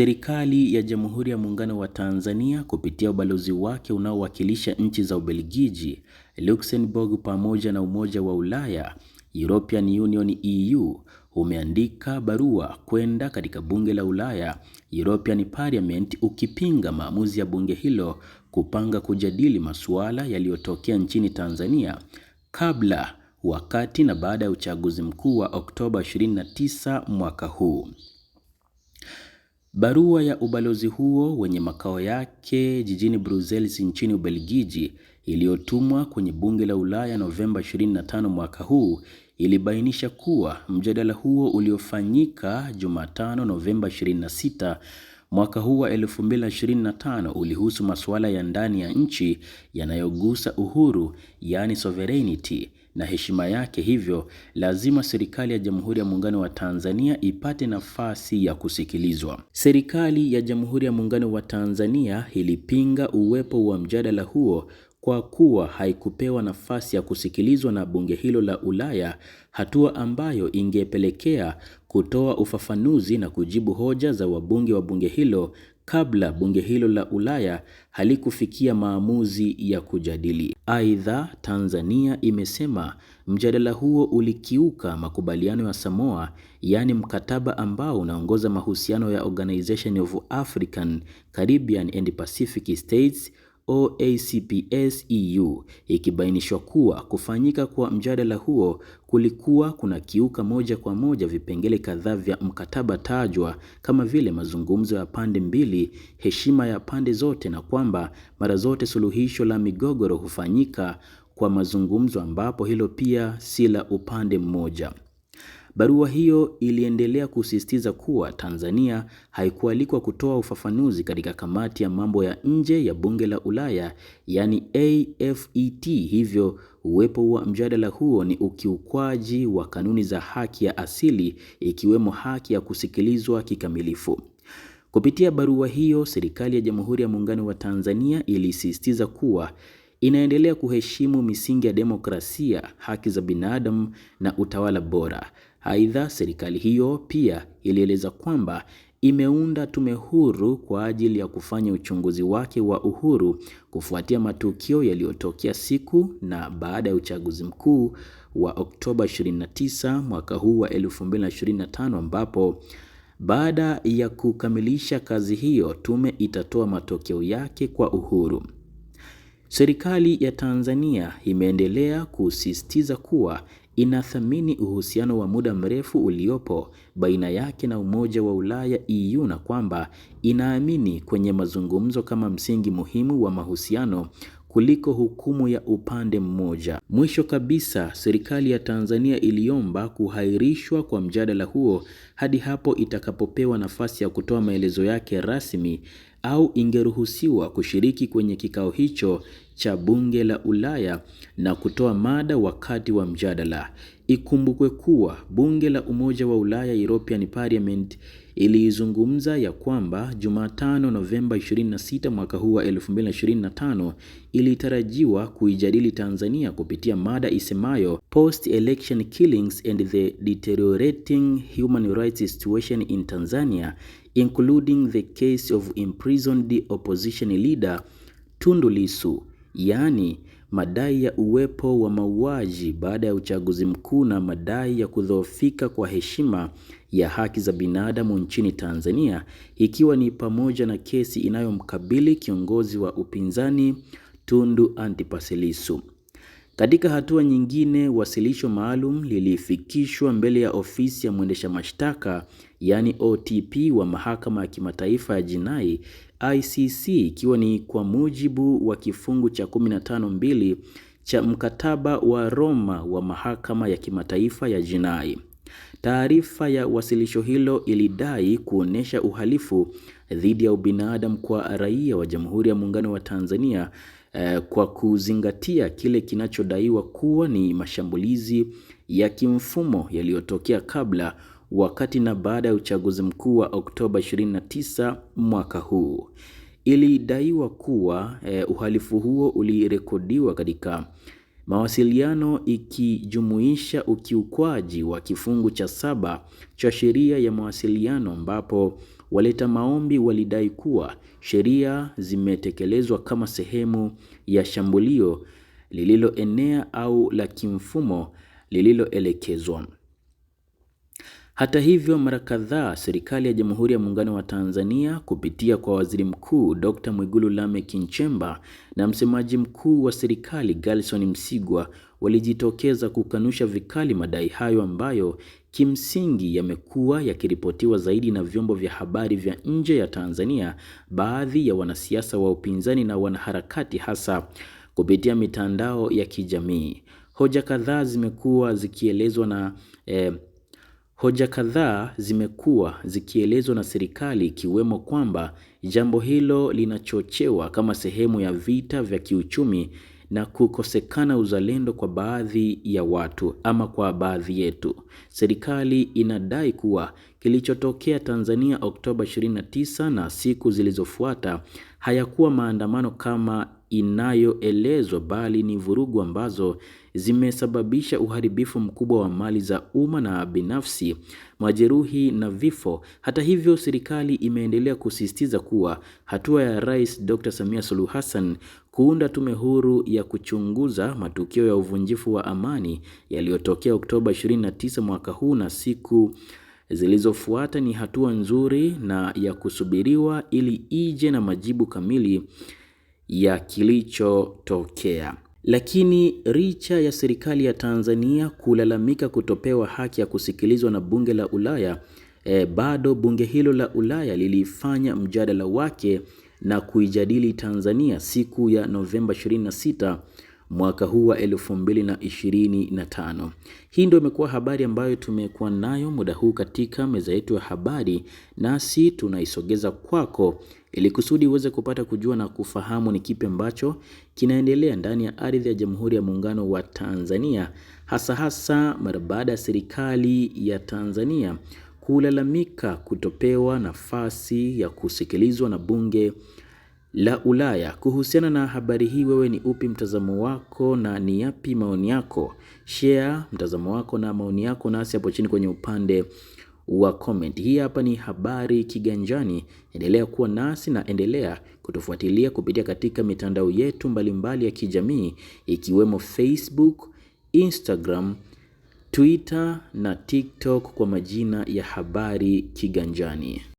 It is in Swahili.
Serikali ya Jamhuri ya Muungano wa Tanzania kupitia ubalozi wake unaowakilisha nchi za Ubelgiji, Luxembourg pamoja na Umoja wa Ulaya, European Union EU, umeandika barua kwenda katika bunge la Ulaya, European Parliament, ukipinga maamuzi ya bunge hilo kupanga kujadili masuala yaliyotokea nchini Tanzania kabla, wakati na baada ya uchaguzi mkuu wa Oktoba 29 mwaka huu. Barua ya ubalozi huo wenye makao yake jijini Brussels nchini Ubelgiji iliyotumwa kwenye bunge la Ulaya Novemba 25 mwaka huu ilibainisha kuwa mjadala huo uliofanyika Jumatano Novemba 26 mwaka huu wa 2025 ulihusu masuala ya ndani ya nchi yanayogusa uhuru, yaani sovereignty na heshima yake. Hivyo lazima serikali ya Jamhuri ya Muungano wa Tanzania ipate nafasi ya kusikilizwa. Serikali ya Jamhuri ya Muungano wa Tanzania ilipinga uwepo wa mjadala huo kwa kuwa haikupewa nafasi ya kusikilizwa na bunge hilo la Ulaya, hatua ambayo ingepelekea kutoa ufafanuzi na kujibu hoja za wabunge wa bunge hilo kabla bunge hilo la Ulaya halikufikia maamuzi ya kujadili. Aidha, Tanzania imesema mjadala huo ulikiuka makubaliano ya Samoa, yaani mkataba ambao unaongoza mahusiano ya Organization of African, Caribbean and Pacific States OACPS EU ikibainishwa kuwa kufanyika kwa mjadala huo kulikuwa kuna kiuka moja kwa moja vipengele kadhaa vya mkataba tajwa kama vile mazungumzo ya pande mbili, heshima ya pande zote na kwamba mara zote suluhisho la migogoro hufanyika kwa mazungumzo ambapo hilo pia si la upande mmoja. Barua hiyo iliendelea kusisitiza kuwa Tanzania haikualikwa kutoa ufafanuzi katika kamati ya mambo ya nje ya bunge la Ulaya, yani AFET, hivyo uwepo wa mjadala huo ni ukiukwaji wa kanuni za haki ya asili ikiwemo haki ya kusikilizwa kikamilifu. Kupitia barua hiyo, serikali ya Jamhuri ya Muungano wa Tanzania ilisisitiza kuwa inaendelea kuheshimu misingi ya demokrasia, haki za binadamu na utawala bora. Aidha, serikali hiyo pia ilieleza kwamba imeunda tume huru kwa ajili ya kufanya uchunguzi wake wa uhuru kufuatia matukio yaliyotokea siku na baada ya uchaguzi mkuu wa Oktoba 29 mwaka huu wa 2025 ambapo baada ya kukamilisha kazi hiyo, tume itatoa matokeo yake kwa uhuru. Serikali ya Tanzania imeendelea kusisitiza kuwa inathamini uhusiano wa muda mrefu uliopo baina yake na Umoja wa Ulaya EU na kwamba inaamini kwenye mazungumzo kama msingi muhimu wa mahusiano kuliko hukumu ya upande mmoja. Mwisho kabisa, serikali ya Tanzania iliomba kuhairishwa kwa mjadala huo hadi hapo itakapopewa nafasi ya kutoa maelezo yake rasmi au ingeruhusiwa kushiriki kwenye kikao hicho cha bunge la Ulaya na kutoa mada wakati wa mjadala. Ikumbukwe kuwa bunge la Umoja wa Ulaya European Parliament iliizungumza ya kwamba Jumatano Novemba 26 mwaka huu wa 2025 ilitarajiwa kuijadili Tanzania kupitia mada isemayo Post Election Killings and the Deteriorating Human Rights Situation in Tanzania including the case of imprisoned opposition leader Tundu Lissu, yani madai ya uwepo wa mauaji baada ya uchaguzi mkuu na madai ya kudhoofika kwa heshima ya haki za binadamu nchini Tanzania ikiwa ni pamoja na kesi inayomkabili kiongozi wa upinzani Tundu Antipas Lissu. Katika hatua nyingine, wasilisho maalum lilifikishwa mbele ya ofisi ya mwendesha mashtaka yaani OTP wa mahakama ya kimataifa ya jinai ICC, ikiwa ni kwa mujibu wa kifungu cha 15.2 cha mkataba wa Roma wa mahakama ya kimataifa ya jinai. Taarifa ya wasilisho hilo ilidai kuonesha uhalifu dhidi ya ubinadamu kwa raia wa Jamhuri ya Muungano wa Tanzania Eh, kwa kuzingatia kile kinachodaiwa kuwa ni mashambulizi ya kimfumo yaliyotokea kabla, wakati na baada ya uchaguzi mkuu wa Oktoba 29 mwaka huu. Ilidaiwa kuwa eh, uhalifu huo ulirekodiwa katika mawasiliano ikijumuisha ukiukwaji wa kifungu cha saba cha sheria ya mawasiliano ambapo Waleta maombi walidai kuwa sheria zimetekelezwa kama sehemu ya shambulio lililoenea au la kimfumo lililoelekezwa. Hata hivyo, mara kadhaa serikali ya Jamhuri ya Muungano wa Tanzania kupitia kwa Waziri Mkuu Dr. Mwigulu Lameck Nchemba na msemaji mkuu wa serikali Gerson Msigwa walijitokeza kukanusha vikali madai hayo ambayo kimsingi yamekuwa yakiripotiwa zaidi na vyombo vya habari vya nje ya Tanzania, baadhi ya wanasiasa wa upinzani na wanaharakati, hasa kupitia mitandao ya kijamii. Hoja kadhaa zimekuwa zikielezwa na eh, hoja kadhaa zimekuwa zikielezwa na serikali ikiwemo kwamba jambo hilo linachochewa kama sehemu ya vita vya kiuchumi na kukosekana uzalendo kwa baadhi ya watu ama kwa baadhi yetu. Serikali inadai kuwa kilichotokea Tanzania Oktoba 29 na siku zilizofuata hayakuwa maandamano kama inayoelezwa bali ni vurugu ambazo zimesababisha uharibifu mkubwa wa mali za umma na binafsi, majeruhi na vifo. Hata hivyo, serikali imeendelea kusisitiza kuwa hatua ya Rais Dr. Samia Suluhu Hassan kuunda tume huru ya kuchunguza matukio ya uvunjifu wa amani yaliyotokea Oktoba 29 mwaka huu na siku zilizofuata ni hatua nzuri na ya kusubiriwa ili ije na majibu kamili ya kilichotokea. Lakini licha ya serikali ya Tanzania kulalamika kutopewa haki ya kusikilizwa na bunge la Ulaya, e, bado bunge hilo la Ulaya lilifanya mjadala wake na kuijadili Tanzania siku ya Novemba 26 mwaka huu wa 2025. Hii ndio imekuwa habari ambayo tumekuwa nayo muda huu katika meza yetu ya habari, nasi tunaisogeza kwako ili kusudi uweze kupata kujua na kufahamu ni kipi ambacho kinaendelea ndani ya ardhi ya Jamhuri ya Muungano wa Tanzania, hasa hasa mara baada ya serikali ya Tanzania kulalamika kutopewa nafasi ya kusikilizwa na bunge la Ulaya. Kuhusiana na habari hii, wewe ni upi mtazamo wako na ni yapi maoni yako? Share mtazamo wako na maoni yako nasi hapo chini kwenye upande wa comment. Hii hapa ni habari Kiganjani. Endelea kuwa nasi na endelea kutufuatilia kupitia katika mitandao yetu mbalimbali mbali ya kijamii ikiwemo Facebook, Instagram, Twitter na TikTok kwa majina ya habari Kiganjani.